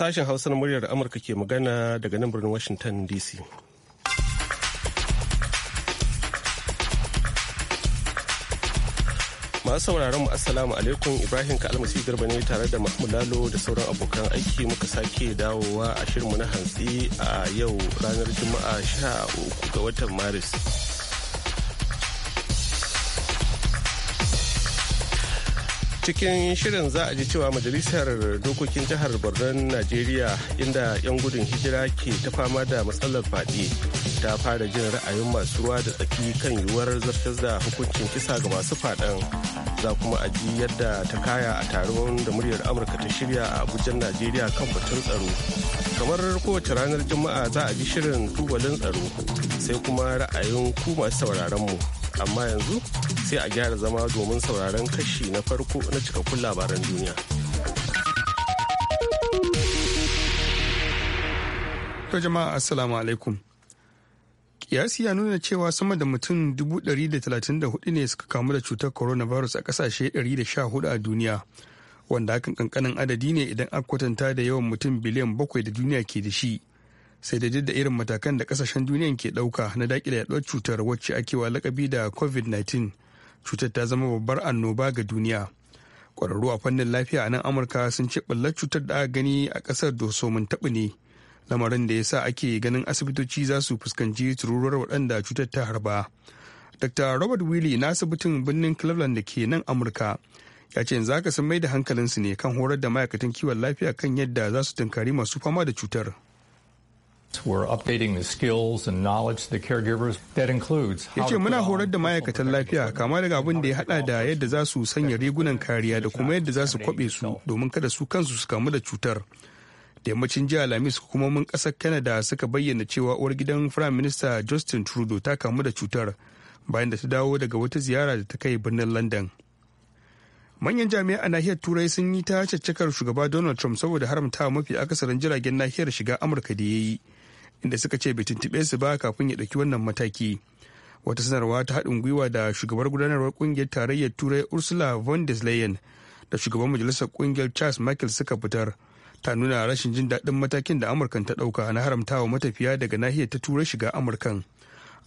Sashen Hausa na muryar Amurka ke magana daga nan birnin Washington DC. masu sauraron mu assalamu alaikum ibrahim kalmasi garba ne tare da mahmud lalo da sauran abokan aiki muka sake dawowa a shirinmu na hantsi a yau ranar juma'a sha ga watan maris cikin shirin za a ji cewa majalisar dokokin jihar Borno Najeriya inda 'yan gudun hijira ke ta fama da matsalar fadi ta fara jin ra'ayin masu ruwa da tsaki kan yiwuwar zartar da hukuncin kisa ga masu fadan za kuma a ji yadda ta kaya a taron da muryar Amurka ta shirya a Abuja Najeriya kan batun tsaro. Kamar kowace ranar Juma'a za a ji shirin tubalin tsaro sai kuma ra'ayin ku masu sauraron mu. amma yanzu sai a gyara zama domin sauraron kashi na farko na cikakkun labaran duniya. To jama'a assalamu alaikum. Kiyasi ya nuna cewa sama da mutum 134 ne suka kamu da cutar coronavirus a kasashe 114 a duniya. Wanda hakan kankanin adadi ne idan aka kwatanta da yawan mutum biliyan bakwai da duniya ke da shi. sai da da irin matakan da kasashen duniyan ke ɗauka na daƙile yaɗuwar cutar wacce ake wa lakabi da covid-19 cutar ta zama babbar annoba ga duniya ƙwararru a fannin lafiya a nan amurka sun ce ɓallar cutar da aka gani a ƙasar doso mun taɓu ne lamarin da ya sa ake ganin asibitoci za su fuskanci tururuwar waɗanda cutar ta harba dr robert willie na asibitin birnin cleveland da ke nan amurka ya ce yanzu haka sun mai da hankalinsu ne kan horar da ma'aikatan kiwon lafiya kan yadda za su tunkari masu fama da cutar We're updating the and knowledge the caregivers. That includes Ya ce muna horar da ma'aikatan lafiya kama daga abin da ya haɗa da yadda za su sanya rigunan kariya da kuma yadda za su kwabe su domin kada su kansu su kamu da cutar. Da yammacin jiya Alhamis mun ƙasar Canada suka bayyana cewa uwar gidan Prime Minister Justin Trudeau ta kamu da cutar bayan da ta dawo daga wata ziyara da ta kai birnin London. manyan jami'a a nahiyar turai sun yi ta caccakar shugaba donald trump saboda haramta mafi akasarin jiragen nahiyar shiga amurka da ya yi inda suka ce bai tuntube su ba kafin ya ɗauki wannan mataki wata sanarwa ta haɗin gwiwa da shugabar gudanarwar ƙungiyar tarayyar turai ursula von der leyen da shugaban majalisar ƙungiyar charles michael suka fitar ta nuna rashin jin daɗin matakin da amurkan ta ɗauka na haramtawa matafiya daga nahiyar ta turai shiga amurkan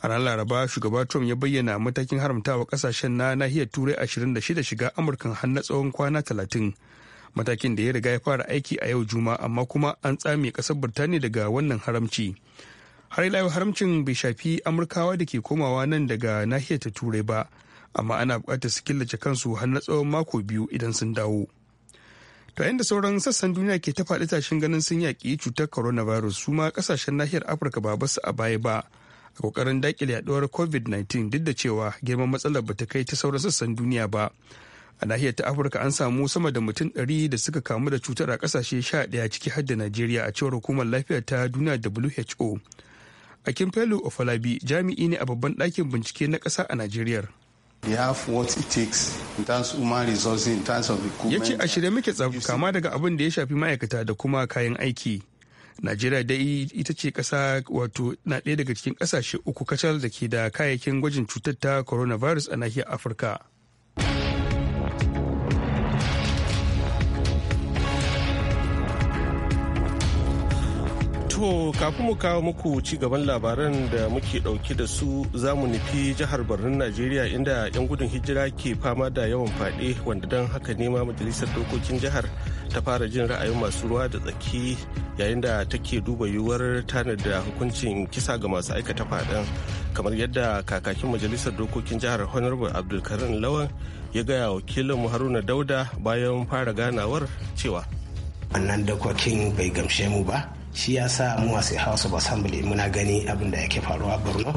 a ranar laraba shugaba trump ya bayyana matakin haramtawa ƙasashen na nahiyar turai 26 shiga amurkan har na tsawon kwana 30 matakin da ya riga ya fara aiki a yau juma amma kuma an tsame kasar birtaniya daga wannan haramci har ila haramcin bai shafi amurkawa da ke komawa nan daga nahiyar ta turai ba amma ana bukatar su killace kansu har na tsawon mako biyu idan sun dawo to yayin da sauran sassan duniya ke ta faɗi tashin ganin sun yaƙi cutar coronavirus su ma ƙasashen nahiyar afirka ba basu a baya ba a kokarin daƙile yaɗuwar covid-19 duk da cewa girman matsalar ba ta kai ta sauran sassan duniya ba a nahiyar ta afirka an samu sama da mutum ɗari da suka kamu da cutar a kasashe ɗaya ciki har da najeriya a cewar hukumar lafiya ta duniya who akin pelu ofalabi jami'i ne a babban ɗakin bincike na ƙasa a najeriya ya ce a shirye muke tsab kama daga abin da ya shafi ma'aikata da kuma kayan aiki najeriya dai ita ce kasa wato na ɗaya daga cikin ƙasashe uku kacal da ke da kayayyakin gwajin cutar ta coronavirus a nahiyar afirka To kafin mu kawo muku ci gaban labaran da muke ɗauke da su zamu nufi jihar Barnin Najeriya inda 'yan gudun hijira ke fama da yawan faɗe wanda don haka ne ma majalisar dokokin jihar ta fara jin ra'ayin masu ruwa da tsaki yayin da take duba yiwuwar tanada hukuncin kisa ga masu aikata fadan kamar yadda kakakin majalisar dokokin jihar Honorable Abdulkarim Lawan ya gaya wakilin Haruna Dauda bayan fara ganawar cewa. Annan dokokin bai gamshe mu ba. shi ya sa mu wasu house of assembly muna gani abin da yake faruwa borno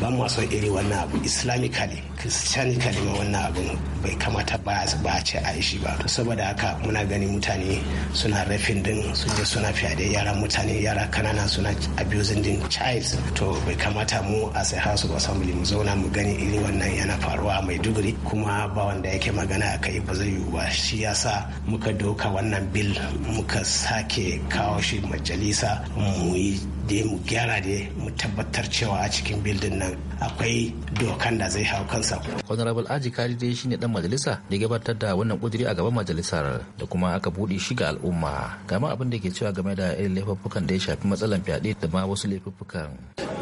ba mu son iri wannan abu islamically christianically ma wannan abin bai kamata ba a ce a shi ba to saboda haka muna gani mutane suna rafin din su je suna fyaɗe yara mutane yara kanana suna abusing din child to bai kamata mu a sai house of assembly mu zauna mu gani iri wannan yana faruwa mai duguri kuma ba wanda yake magana a kai ba zai yiwu ba shi ya sa muka doka wannan bill muka sake kawo shi majali majalisa mu yi da mu gyara da mu tabbatar cewa a cikin bildin nan akwai dokan da zai hau kansa. honorable aji kari dai shine dan majalisa da gabatar da wannan kuduri a gaban majalisar da kuma aka buɗe shi ga al'umma gama abin da ke cewa game da irin laifuffukan da ya shafi matsalan fyaɗe da ma wasu laifuffukan.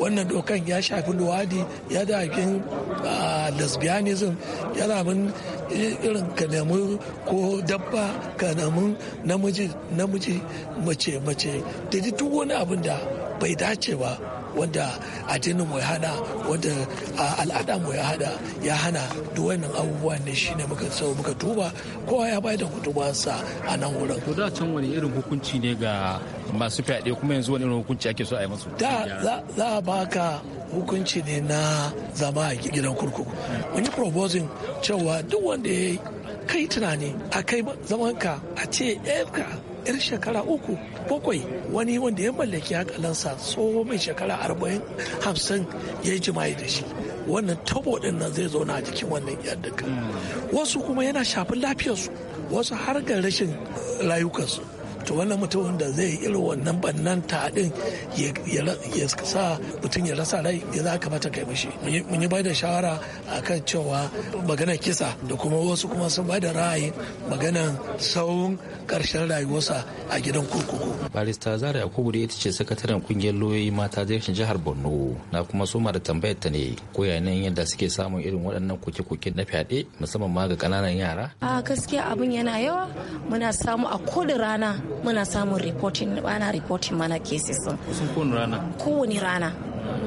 wannan dokan ya shafi luwadi ya da abin lesbianism ya da irin ka nemi ko dabba ka namiji namiji mace mace da duk wani abin da bai dace ba wanda addinin mu ya hana wanda al'ada mu ya hada ya hana duk wannan abubuwan ne shine muka so muka duba kowa ya bayar da gudubansa a nan wurin. To da can wani irin hukunci ne ga masu fyaɗe kuma yanzu wani irin hukunci ake so a yi musu. Da za a baka hukunci ne na zama a gidan kurkuku. Wani proposing cewa duk wanda ya kai tunani a kai zamanka a ce yarka yar shekara uku bakwai wani wanda ya mallaki hankalinsa tsoho mai shekara arba'in hamsin ya yi jima'i da shi wannan tabo din nan zai zauna a jikin wannan yar duka hmm. wasu kuma yana shafin lafiyarsu wasu har ga rashin rayukansu to wannan mutumin da zai irin wannan bannan taɗin ya sa mutum ya rasa rai ya za mata kai mishi mun yi bada shawara akan cewa magana kisa da kuma wasu kuma sun bada ra'ayi magana saurin karshen rayuwarsa a gidan kurkuku barista zara yakubu da ita ce sakataren kungiyar lauyoyi mata zai jihar borno na kuma soma da tambayar ta ne ko yanayin yadda suke samun irin waɗannan koke-koke na fyaɗe musamman ma ga ƙananan yara a gaskiya abin yana yawa muna samu a koda rana muna samun reporting bana reporting mana cases sun kowane rana rana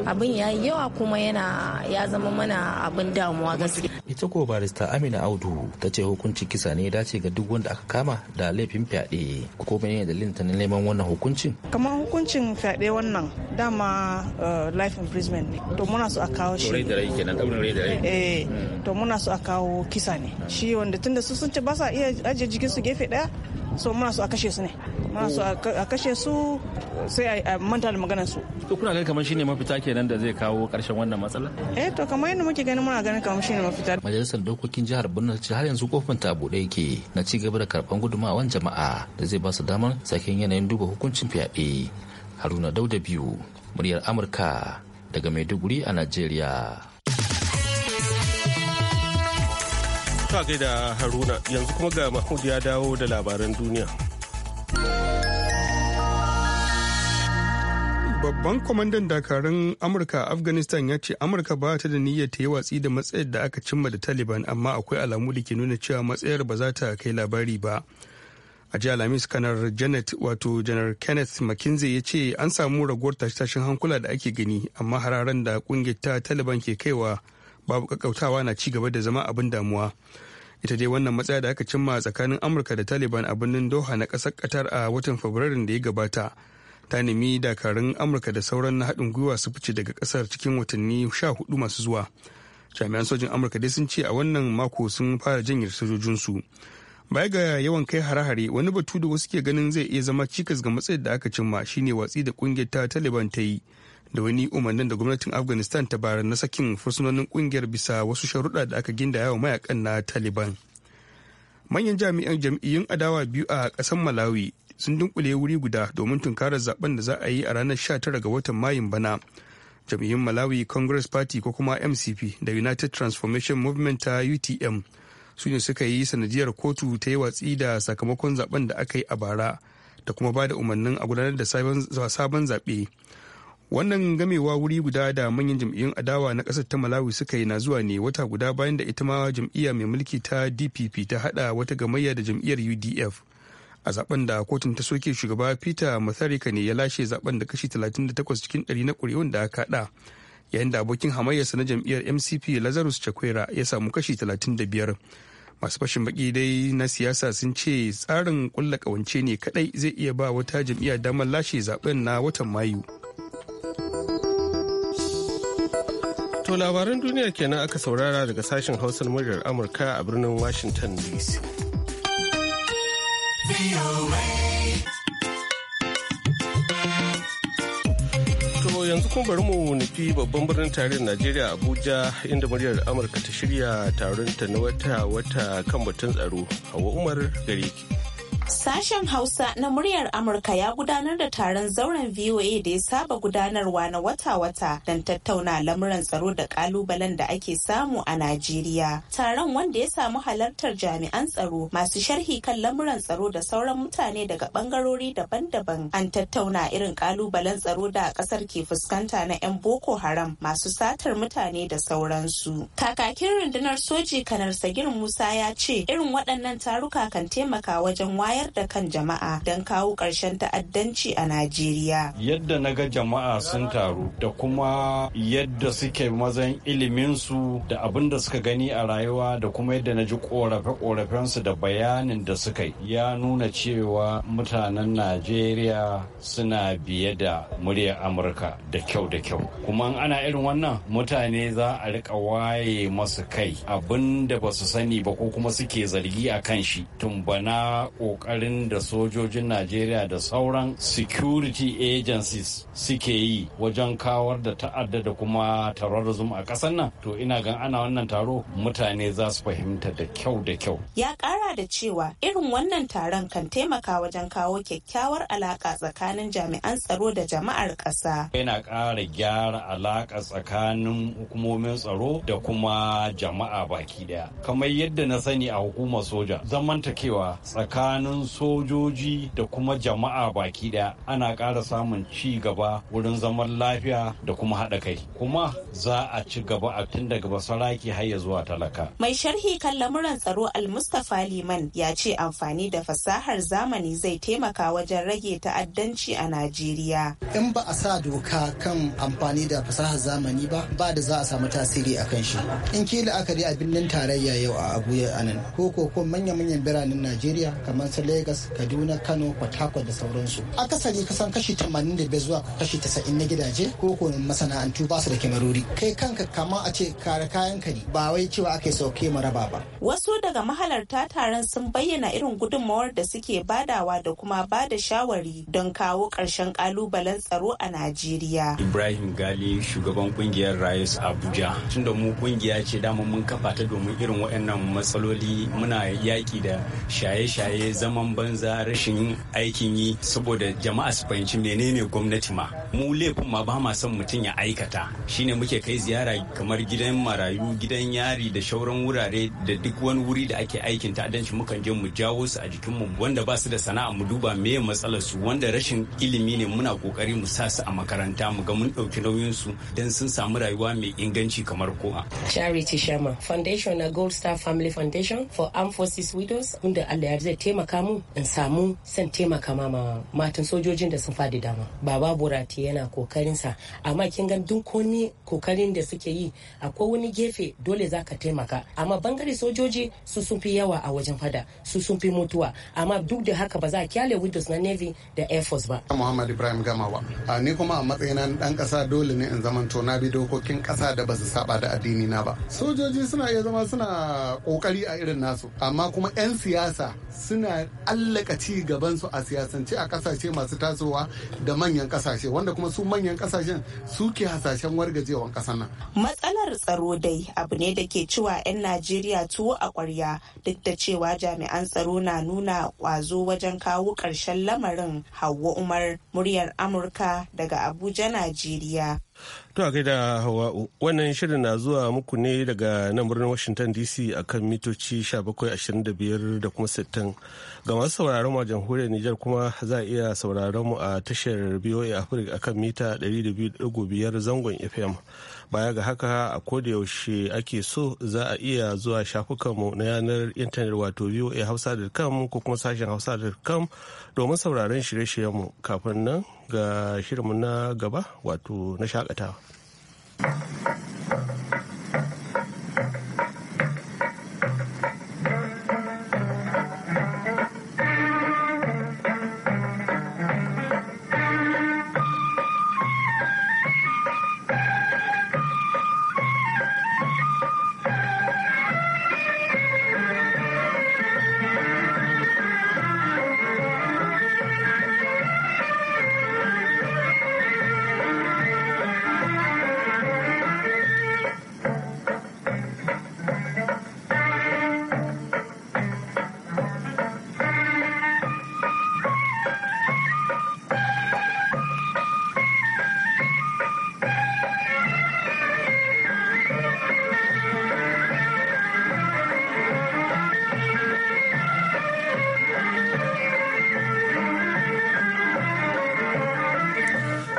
abin ya yi yawa kuma yana ya zama mana abin damuwa gaske. ita ko barista amina audu ta ce hukunci kisa ne dace ga duk wanda aka kama da laifin fyaɗe ko mene dalilin ta neman wannan hukuncin kamar hukuncin fyaɗe wannan dama eh, life imprisonment ne to muna so a kawo shi eh, to muna so a kawo kisa ne shi wanda tunda su sun ce ba sa iya ajiye jikin su gefe daya so muna so a kashe su ne muna so a kashe su sai a manta da maganar su to kuna ganin kamar shine mafita kenan da zai kawo karshen wannan matsala eh to kamar yadda muke ganin muna ganin kamar shine mafita majalisar dokokin jihar Borno ce har yanzu kofin ta bude yake na ci gaba da karban wan jama'a da zai ba su damar sakin yanayin duba hukuncin fyaɗe Haruna Dauda biyu muryar Amurka daga Maiduguri a Najeriya Ta da Haruna yanzu kuma ga Mahmud ya dawo da labaran duniya. Babban kwamandan dakarun Amurka a Afghanistan ya ce Amurka ba ta da niyyar ta yi watsi da matsayar da aka cimma da Taliban amma akwai alamu da ke nuna cewa matsayar ba za ta kai labari ba. A ji alamis kanar Janet wato janar Kenneth McKinsey ya ce an samu raguwar tashe-tashen hankula da ake gani amma hararen da kungiyar Taliban ke kaiwa babu kakkautawa na ci gaba da zama abin damuwa ita dai wannan matsaya da aka cimma tsakanin amurka da taliban a birnin doha na ƙasar qatar a watan fabrairun da ya gabata ta nemi dakarun amurka da sauran na haɗin gwiwa su fice daga ƙasar cikin watanni sha hudu masu zuwa jami'an sojin amurka dai sun ce a wannan mako sun fara janyar sojojinsu baya ga yawan kai hare-hare wani batu da wasu ke ganin zai iya zama cikas ga matsayin da aka cimma shine watsi da kungiyar ta taliban ta yi da wani umarnin da gwamnatin afghanistan ta bayar na sakin fursunonin kungiyar bisa wasu sharuɗa da aka gindaya wa mayakan na taliban manyan jami'an jam'iyyun adawa biyu a ƙasar malawi sun dunkule wuri guda domin tunkarar zaben da za a yi a ranar 19 ga watan mayun bana jam'iyyun malawi congress party ko kuma mcp da united transformation movement ta utm su ne suka yi sanadiyar kotu ta yi watsi da sakamakon zaben da aka yi a bara da kuma ba da umarnin a gudanar da sabon zaɓe wannan gamewa wuri guda da manyan jam'iyyun adawa na ƙasar ta malawi suka yi na zuwa ne wata guda bayan da ita ma jam'iyya mai mulki ta dpp ta hada wata gamayya da jam'iyyar udf a zaben da kotun ta soke shugaba peter matharika ne ya lashe zaben da kashi 38 cikin ɗari na ƙuri'un da aka hada yayin da abokin hamayyarsa na jam'iyyar mcp lazarus chakwera ya samu kashi talatin da biyar masu fashin baki dai na siyasa sun ce tsarin kulla kawance ne kadai zai iya ba wata jam'iyya damar lashe zaben na watan mayu To labaran duniya kenan aka saurara daga sashen hausar muryar Amurka a birnin Washington DC. To yanzu kun bari mu nufi babban birnin tarihin Najeriya Abuja inda muryar Amurka ta shirya taron ta na wata-wata kan batun tsaro. Hawa Umar gare Sashen Hausa na muryar Amurka ya gudanar da taron zauren VOA da ya saba gudanarwa na wata-wata don tattauna lamuran tsaro da kalubalen da ake samu a Najeriya. Taron wanda ya samu halartar jami'an tsaro masu sharhi kan lamuran tsaro da sauran mutane daga bangarori daban-daban an tattauna irin kalubalen tsaro da kasar ke fuskanta na 'yan Boko Haram masu satar mutane da sauransu. Kakakin rundunar soji kanar Sagir Musa ya ce irin waɗannan taruka kan taimaka wajen waye wayar da kan jama'a don kawo ƙarshen ta'addanci a Najeriya. Yadda na ga jama'a sun taru da kuma yadda suke mazan iliminsu da abin da suka gani a rayuwa da kuma yadda na ji korafe ƙorafensu da bayanin da suka yi ya nuna cewa mutanen Najeriya suna biye da muryar Amurka da kyau da kyau. Kuma ana irin wannan mutane za a riƙa waye masu kai abin da ba su sani ba ko kuma suke zargi a kan shi tumbana kokarin da sojojin najeriya da sauran security agencies suke yi wajen kawar da ta'adda da kuma terrorism a ƙasar nan to ina gan ana wannan taro mutane za su fahimta da kyau da kyau ya ƙara da cewa irin wannan taron kan taimaka wajen kawo kyakkyawar alaƙa tsakanin jami'an tsaro da jama'ar ƙasa yana ƙara gyara alaƙa tsakanin hukumomin tsaro da kuma jama'a baki daya kamar yadda na sani a hukumar soja zamantakewa tsakanin wurin sojoji da kuma jama'a baki daya ana kara samun ci gaba wurin zaman lafiya da kuma haɗa kai kuma za a ci gaba a tun daga basaraki har ya zuwa talaka mai sharhi kan lamuran tsaro almustafa liman ya ce amfani da fasahar zamani zai taimaka wajen rage ta'addanci a najeriya in ba a sa doka kan amfani da fasahar zamani ba ba da za a samu tasiri a kan shi in ke la'akari a birnin tarayya yau a abuja anan ko ko manya manyan biranen najeriya kamar lagos kaduna kano port harcourt da sauransu akasari kusan kashi 85 zuwa kashi 90 na gidaje ko ko masana'antu ba su da kyamarori kai kanka kama a ce kare kayan ka ne ba wai cewa aka sauke maraba ba wasu daga mahalarta taron sun bayyana irin gudummawar da suke badawa da kuma ba da shawari don kawo karshen kalubalen tsaro a najeriya ibrahim gali shugaban kungiyar rayus abuja tun da mu kungiya ce dama mun kafa ta domin irin waɗannan matsaloli muna yaƙi da shaye-shaye zama zaman banza rashin aikin yi saboda jama'a su fahimci menene gwamnati ma mu laifin ma ba ma son mutum ya aikata shine muke kai ziyara kamar gidan marayu gidan yari da shauran wurare da duk wani wuri da ake aikin ta'addanci mukan je mu jawo su a jikinmu wanda ba su da sana'a mu duba me matsalar su wanda rashin ilimi ne muna kokari mu sa su a makaranta mu ga mun dauki nauyin su dan sun samu rayuwa mai inganci kamar kowa Charity Sharma Foundation na Gold Star Family Foundation for Armed Forces Widows wanda Allah ya zai taimaka mu in samu san taimaka ma matan sojojin da sun fadi dama Baba Burati yana kokarinsa amma kin ga duk wani kokarin da suke yi akwai wani gefe dole za ka taimaka amma bangare sojoji su sun fi yawa a wajen fada su sun fi mutuwa amma duk da haka ba za a kyale windows na navy da air force ba muhammad ibrahim gamawa a ni kuma a matsayina dan kasa dole ne in zamanto na bi dokokin kasa da ba su saba da addini na ba sojoji suna iya zama suna kokari a irin nasu amma kuma 'yan siyasa suna allaka ci gabansu a siyasance a kasashe masu tasowa da manyan kasashe wanda kuma su manyan kasashen suke hasashen wargajewan ƙasar nan. Matsalar tsaro dai abu ne da ke ciwa 'yan Najeriya tuwo a ƙwarya duk da cewa jami'an tsaro na nuna ƙwazo wajen kawo ƙarshen lamarin Hauwa Umar muryar Amurka daga Abuja, Najeriya. To a gaida Hawa'u, wannan shirin na zuwa muku ne daga nan birnin Washington DC a kan mitoci 1725 da kuma 60. Ga masu sauraron mu a jamhuriyar Nijar kuma za a iya sauraron mu a tashar BOA Africa a kan mita 200.5 zangon FM. baya ga haka a kodayaushe ake so za a iya zuwa shafukanmu na yanar intanet wato voa hausa.com ko kuma sashen hausa.com domin sauraron shirye-shiryenmu kafin nan ga shirinmu na gaba wato na shakatawa.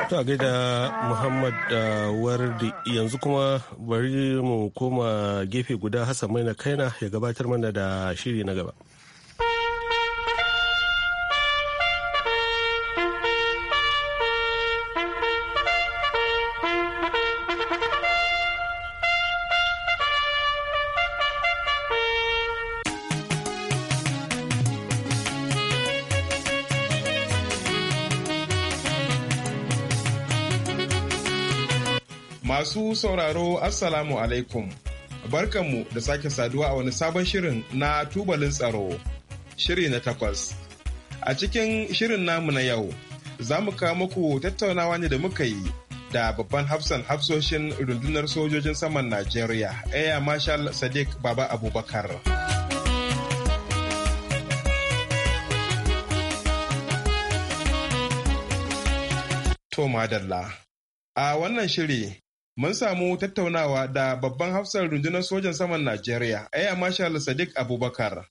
ta a gaida Muhammad da uh, Wardi yanzu kuma bari mu koma gefe guda Hassan na Kaina ya gabatar mana da shiri na gaba. sauraro Assalamu alaikum. Barkanmu da sake saduwa a wani sabon shirin na tubalin tsaro. Shiri na takwas. A cikin shirin namu na yau, za mu kawo muku tattaunawa ne da muka yi da babban hafsan hafsoshin rundunar sojojin saman Najeriya, Air Marshal Sadiq Baba Abubakar. To madalla. A wannan shiri mun samu tattaunawa da babban hafsar rundunar sojan saman Najeriya, Air Marshal Sadiq Abubakar,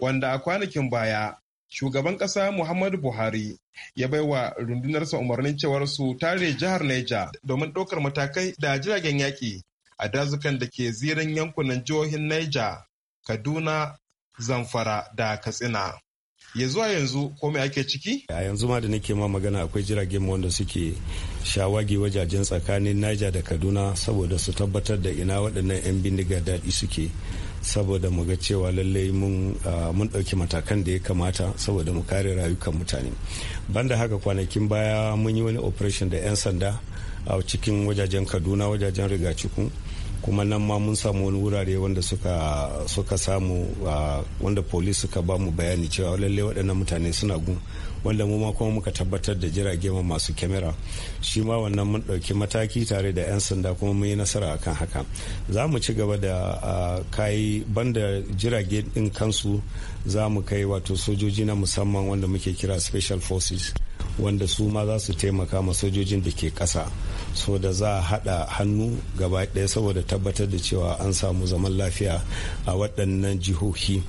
wanda a kwanakin baya shugaban ƙasa Muhammadu Buhari ya baiwa rundunarsa umarnin cewar su tare jihar Neja domin ɗaukar matakai da jiragen yaƙi a dazukan da ke zirin yankunan jihohin Neja, Kaduna, Zamfara da Katsina. ya zuwa yanzu ko ake ciki a yanzu ma da nake ma magana akwai jiragen wanda suke shawagi wajajen tsakanin naija da kaduna saboda su tabbatar da ina waɗannan 'yan bindiga daɗi suke saboda mu ga cewa lallai mun ɗauki matakan da ya kamata saboda mu kare rayukan mutane banda haka kwanakin baya mun yi wani operation da 'yan sanda a cikin wajajen kaduna wajajen rigacikun kuma nan ma mun samu wani wurare wanda suka suka samu wanda polis suka ba mu bayani cewa lallai waɗannan mutane suna gun wanda mu ma kuma muka tabbatar da jirage ma masu kyamara shi ma wannan mun ɗauki mataki tare da 'yan sanda kuma mun yi nasara akan haka za mu ci gaba da kai banda jirage din kansu za mu kai wato sojoji na musamman wanda muke kira special forces wanda su ma za su taimaka ma sojojin da ke ƙasa so da za a haɗa hannu gaba ɗaya saboda tabbatar da cewa an samu zaman lafiya a waɗannan jihohi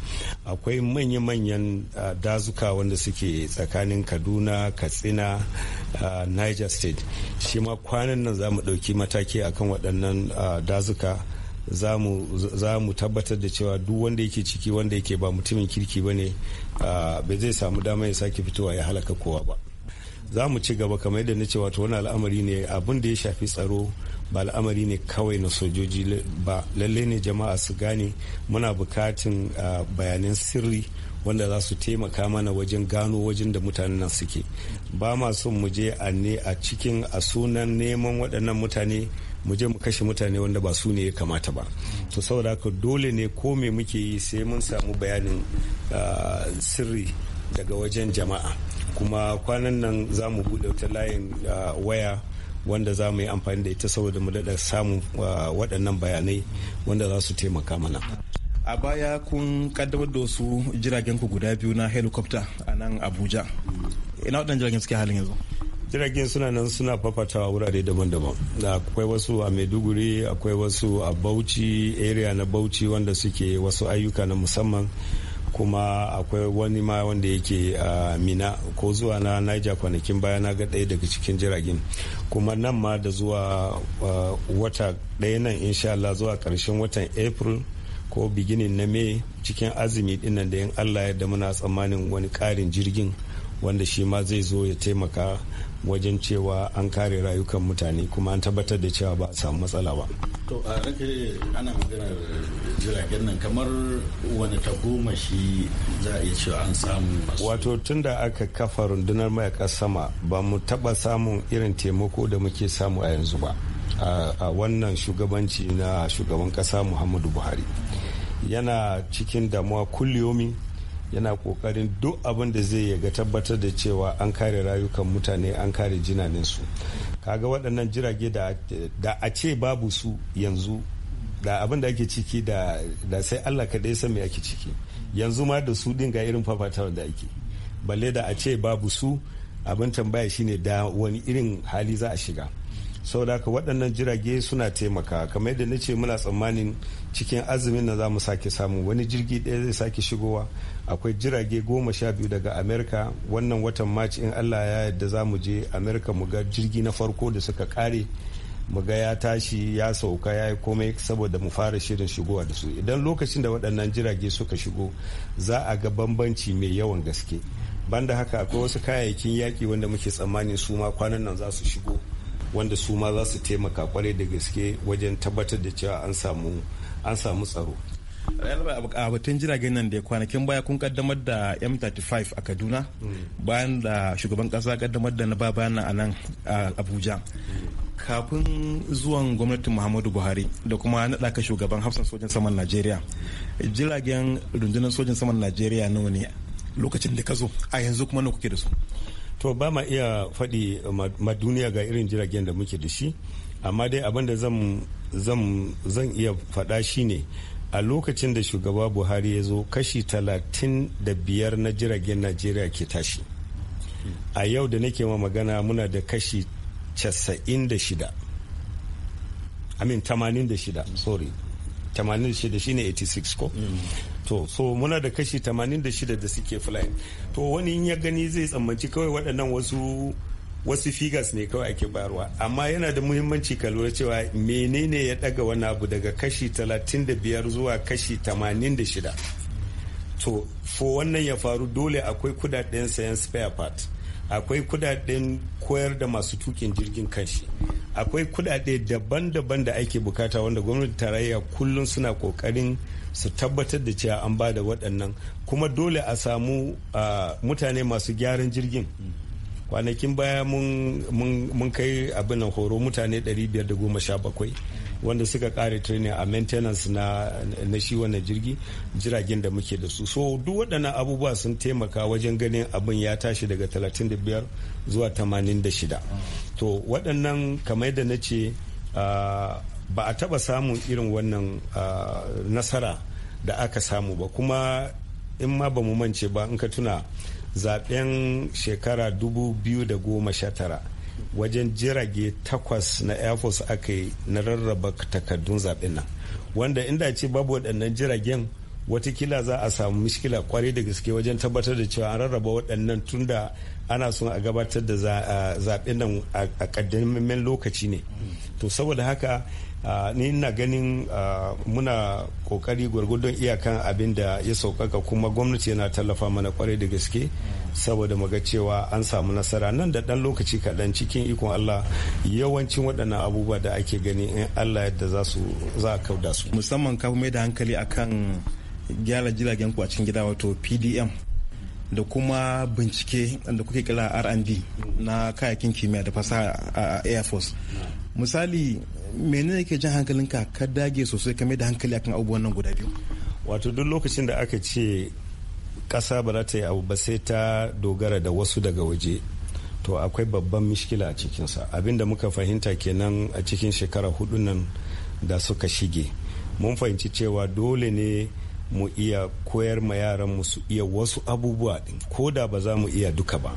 akwai manya-manyan ah, dazuka wanda suke tsakanin kaduna katsina ah, niger state shi ma kwanan nan za mu ɗauki mataki akan waɗannan ah, dazuka za mu tabbatar da cewa duk wanda yake ciki wanda yake ba mutumin kirki ba ne bai zai samu damar ya sake fitowa ya halaka kowa ba za mu ci gaba kamar yadda na ce wato wani al'amari ne abin da ya shafi tsaro ba al'amari ne kawai na sojoji ba lalle ne jama'a su gane muna bukatin bayanan sirri wanda za su taimaka mana wajen gano wajen da mutanen nan suke ba ma son mu je a ne a cikin a sunan neman waɗannan mutane mu je mu kashe mutane wanda ba su ne ya kamata ba to saboda haka dole ne ko me muke yi sai mun samu bayanin sirri daga wajen jama'a kuma kwanan nan za mu buɗe wata layin ah, waya wanda za mu yi amfani da ita saboda mu daɗa samun ah, waɗannan bayanai wanda za su taimaka mana a baya kun kaddamar da wasu jiragen ku guda biyu na helicopter a nan abuja ina waɗannan jiragen suke halin yanzu jiragen suna nan suna fafatawa wurare daban-daban akwai wasu a maiduguri akwai wasu a bauchi area na bauchi wanda suke wasu ayyuka na musamman kuma akwai wani ma wanda yake a mina ko zuwa na niger kwanakin baya na ga ɗaya daga cikin jiragen kuma nan ma da zuwa wata ɗaya nan insha Allah zuwa ƙarshen watan april ko beginning na may cikin azumi dinnan da yan allah yadda muna tsammanin wani ƙarin jirgin wanda shi ma zai zo ya taimaka wajen cewa an kare rayukan mutane kuma an tabbatar da cewa ba a samu matsala ba. To a rike ana maganar jiragen nan kamar wani tagomashi za a iya cewa an samu Wato tun da aka kafa rundunar mayaka sama ba mu taba samun irin taimako da muke samu a yanzu ba. A wannan shugabanci na shugaban kasa Muhammadu Buhari. Yana cikin damuwa kulliyomi yana kokarin duk abin da zai yaga tabbatar da cewa an kare rayukan mutane an kare jinaninsu kaga waɗannan jirage da a ce babu su yanzu da abin da ake ciki da sai allah kaɗai san me ake ciki yanzu ma da su dinga irin fafatawa da ake balle da a ce babu su abin tambaya shine da wani irin hali za a shiga saboda haka waɗannan jirage suna taimaka kamar yadda na ce muna tsammanin cikin azumin na za mu sake samu wani jirgi ɗaya zai sake shigowa akwai jirage goma sha biyu daga amerika wannan watan march in allah ya yadda za mu je amerika mu ga jirgi na farko da suka kare mu ga ya tashi ya sauka ya yi komai saboda mu fara shirin shigowa da su idan lokacin da waɗannan jirage suka shigo za a ga bambanci mai yawan gaske banda haka akwai wasu kayayyakin yaƙi wanda muke tsammanin su ma kwanan nan za su shigo wanda su ma za su taimaka kwarai da gaske wajen tabbatar da cewa an samu an samu tsaro a batun jiragen nan da kwanakin baya kun kaddamar da m35 a kaduna bayan da shugaban kasa kaddamar da na baba na a nan a abuja kafin zuwan gwamnatin muhammadu buhari da kuma naɗa ka shugaban hafsan sojin saman najeriya jiragen rundunar sojin saman najeriya nawa ne lokacin da ka zo a yanzu kuma nawa kuke da su to ba ma iya faɗi ma duniya ga irin jiragen da muke da shi amma dai abin da zan zan iya faɗa ne. a lokacin da shugaba buhari ya zo kashi talatin da biyar na jiragen najeriya ke tashi a yau da nake ma magana muna da kashi casa'in da shida amin tamanin da shida sorry tamanin da shida shine 86 ko to so muna da kashi tamanin da shida da suke flying to wani in ya gani zai tsammanci kawai waɗannan wasu wasu figures ne kawai ake bayarwa amma yana da muhimmanci ka lura cewa menene ya daga wani abu daga kashi 35 zuwa kashi 86 to fo wannan ya faru dole akwai kudaden sayan spare part akwai kudaden koyar da masu tukin jirgin kashi akwai kudade daban-daban da ake bukata wanda gwamnati tarayya kullum suna kokarin su tabbatar da cewa an ba da waɗannan kuma dole a samu ah, mutane masu gyaran jirgin kwanakin baya mun kai abin horo mutane 517 wanda suka kare training a maintenance na, na shi wannan jirgi jiragen da muke da su so duk waɗannan abubuwa sun taimaka wajen ganin abin ya tashi daga 35 zuwa 86 to waɗannan kamar yadda na ce ba a taɓa samun irin wannan nasara da aka samu ba kuma in ma ba mu mance ba in ka tuna zaben shekara 2019 wajen jirage takwas na air force aka yi na rarraba takardun zaben nan wanda inda ce babu waɗannan jiragen watakila za a samu mishkila kwarai da gaske wajen tabbatar da cewa an rarraba waɗannan tunda ana son a gabatar da zaɓen nan a ƙaddamin lokaci ne to saboda haka ni na ganin muna ƙoƙari gwargwadon iyakan abin da ya sauƙaƙa kuma gwamnati yana tallafa mana kwarai da gaske saboda muga cewa an samu nasara nan da ɗan lokaci kaɗan cikin ikon Allah yawancin waɗannan abubuwa da ake gani in Allah yadda za su za a kauda su musamman kafin mai da hankali akan gyara jiragen ku a cikin gida wato pdm da kuma bincike da kuke kira r&d na kayakin kimiyya da fasaha a air force misali menene ke jan hankalinka ka dage sosai kame da hankali akan abubuwan nan guda biyu wato duk lokacin da aka ce kasa ba za ta yi abu ba sai ta dogara da wasu daga waje to akwai babban mishkila a cikinsa abinda muka fahimta kenan a cikin shekara hudu nan da suka shige mun fahimci cewa dole ne mu iya koyar ma yaran mu su iya wasu abubuwa din ko da ba za mu iya duka ba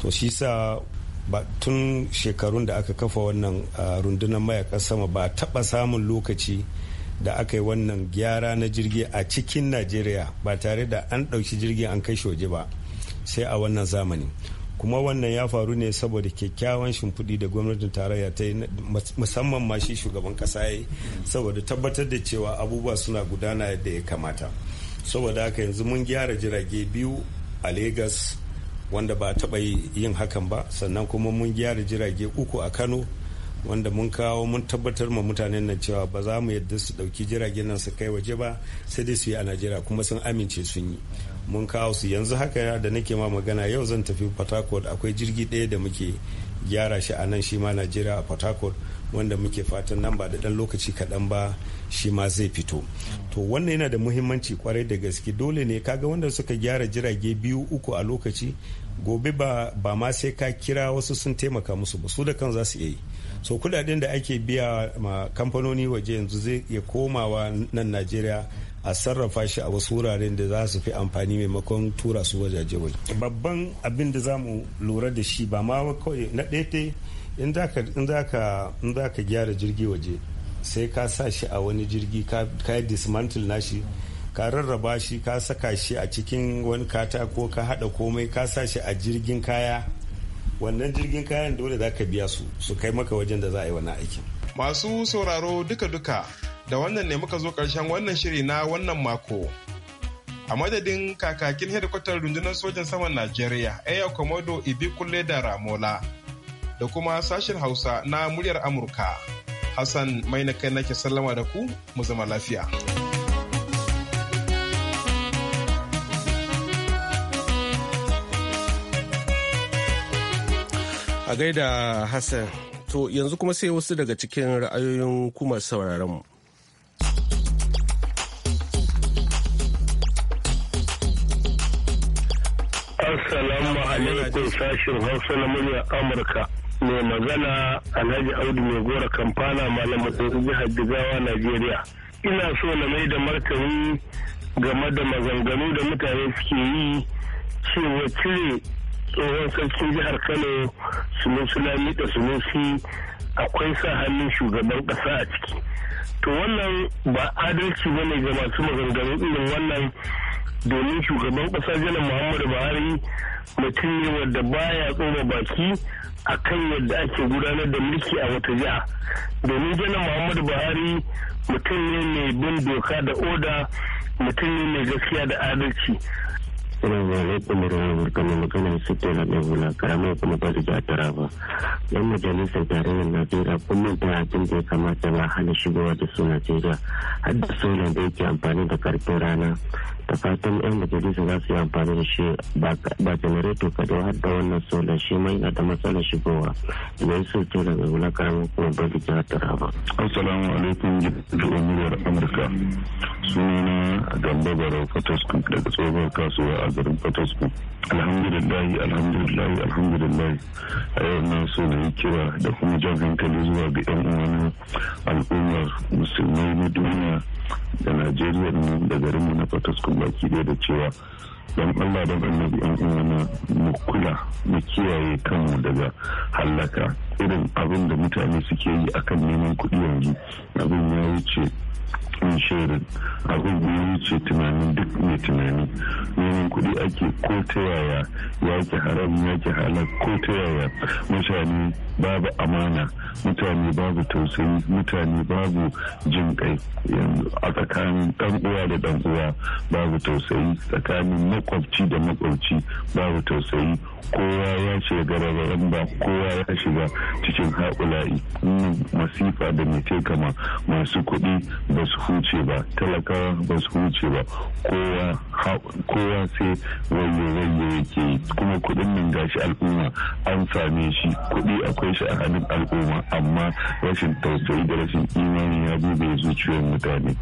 to shi sa ba tun shekarun da aka kafa wannan rundunar mayakan sama ba taba samun lokaci da aka yi wannan gyara na jirgi a cikin najeriya ba tare da an ɗauki jirgin an kai shi waje ba sai a wannan zamani kuma wannan ya faru ne saboda kyakkyawan shimfiɗi da gwamnatin tarayya ta yi musamman ma shi shugaban ƙasa ya yi saboda tabbatar da cewa abubuwa suna gudana yadda ya kamata saboda haka yanzu mun gyara jirage biyu a lagos wanda ba taɓa yin hakan ba sannan kuma mun gyara jirage uku a kano wanda mun kawo mun tabbatar ma mutanen nan cewa ba za mu yadda su ɗauki jiragen nan su kai waje ba sai dai su yi a najeriya kuma sun amince sun yi mun kawo su yanzu haka da nake ma magana yau zan tafi port akwai jirgi ɗaya da muke gyara shi a nan shi ma najeriya a port wanda muke fatan nan ba da ɗan lokaci kaɗan ba shi ma zai fito to wannan yana da muhimmanci kwarai da gaske dole ne kaga wanda suka gyara jirage biyu uku a lokaci gobe ba, ma sai ka kira wasu sun taimaka musu ba su da kan za su yi so kudaden da ake biya ma kamfanoni waje yanzu zai iya komawa nan najeriya a sarrafa shi a wasu wuraren da za su fi amfani maimakon tura su wajaje waje. babban abin da za mu lura da shi ba ma kawai na ɗaya in za ka gyara jirgi waje sai ka sa shi a wani jirgi ka yi dismantle nashi ka rarraba shi ka saka shi a cikin wani katako ka haɗa komai ka sa shi a jirgin kaya wannan jirgin kayan dole za ka biya su su kai maka wajen da za a yi wani aikin Masu sauraro duka-duka da wannan ne muka zo ƙarshen wannan shiri na wannan mako. A madadin kakakin hedikwatar rundunar sojan saman Najeriya, Air Komodo Kulle, da Ramola, da kuma sashen Hausa na muryar Amurka. Hassan mai na kai nake sallama da ku, mu zama lafiya. a gaida hassan To yanzu kuma sai wasu daga cikin ra'ayoyin hukumar sauraron mu. Assalamu alaikum sashin Hausa na murya Amurka. Mai magana Alhaji Audu mai gora kamfana malamin tsotsi jihar Jigawa, Najeriya. Ina so na mai da martani game da maganganu da mutane suke yi cewa cire tsohon sarkin jihar kano sunusi lamita sunusi akwai sa hannun shugaban ƙasa a ciki to wannan ba adalci bane ga masu maganganu irin wannan domin shugaban ƙasa janar muhammadu buhari mutum ne wadda baya tsoma baki a kan yadda ake gudanar da mulki a wata jiha domin janar muhammadu buhari mutum ne mai bin doka da oda mutum ne mai gaskiya da adalci Assalamu alaikum warahmatullahi wabarakatuh magana su tela da hula karamar kuma ta da jatara ba. Yan majalisar tarayyar Najeriya kun manta abin da ya kamata ba hana shigowa da su Najeriya har da sola da yake amfani da karfin rana da fatan yan majalisa za su yi amfani da shi ba janareto ka har da wannan sola shi mai yana da matsalar shigowa ya so ce daga wula karamin kuma ba su jihar taraba. assalamu alaikum jirgin muryar amurka sunana gamba barau fatosku daga tsohon kasuwa a garin fatosku alhamdulillahi alhamdulillahi alhamdulillahi a yau na so na yi kira da kuma jan hankali zuwa ga yan uwan al'ummar musulmai na duniya da najeriya nan da garinmu na fataskun baki ɗaya da cewa don Allah dan annabi an uwana mu kula mu kiyaye kanmu daga hallaka irin abin da mutane suke yi akan neman kuɗi yanzu abin ya wuce shirin abin ya wuce tunanin duk mai tunani neman kuɗi ake ko ta yaya ya ke haram ya ke halar ko ta yaya mutane babu amana mutane babu tausayi mutane babu jin kai a tsakanin ɗan uwa da ɗan uwa babu tausayi tsakanin makwabci da makwabci babu tausayi kowa ya shiga gararren ba kowa ya shiga cikin haƙula'i masifa da mai kama masu kuɗi ba su huce ba talakawa ba su huce ba kowa sai wayo-wayo yake kuma kuɗin nan gashi al'umma an same shi kuɗi akwai shi a hannun al'umma amma rashin tausayi da rashin imani ya bube zuciyar mutane.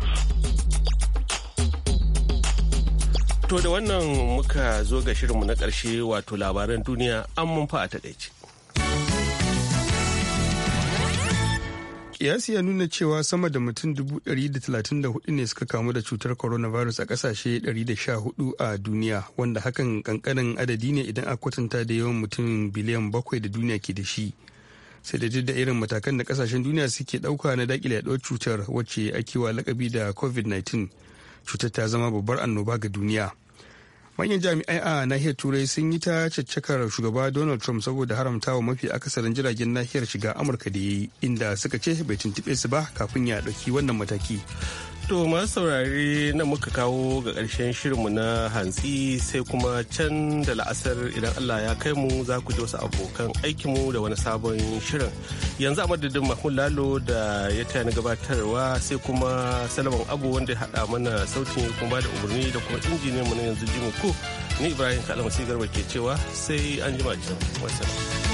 To da wannan muka zo ga shirinmu na ƙarshe wato labaran duniya an mun fa a ce. Kiyasi ya nuna cewa sama da mutum hudu ne suka kamu da cutar coronavirus a ƙasashe 114 a duniya wanda hakan kankanin adadi ne idan a kwatanta da yawan mutum biliyan bakwai da duniya ke da shi. sai da da irin matakan da kasashen duniya suke ɗauka na dakile yaɗuwar cutar wacce ake wa lakabi da covid-19 cutar ta zama babbar annoba ga duniya manyan jami'ai a nahiyar turai sun yi ta caccakar shugaba donald trump saboda haramtawa mafi akasarin jiragen nahiyar shiga amurka da ya yi inda suka ce bai tuntube su ba kafin ya ɗauki wannan mataki to masu saurari na muka kawo ga ƙarshen shirinmu na hantsi sai kuma can da la'asar idan allah ya kai mu za ku ji wasu abokan aikinmu da wani sabon shirin yanzu a madadin mahmud lalo da ya taya na gabatarwa sai kuma salaman abu wanda ya haɗa mana sautin kuma da umarni da kuma injiniyan mu na yanzu jimu ni ibrahim kalamasi garba ke cewa sai an jima wasu.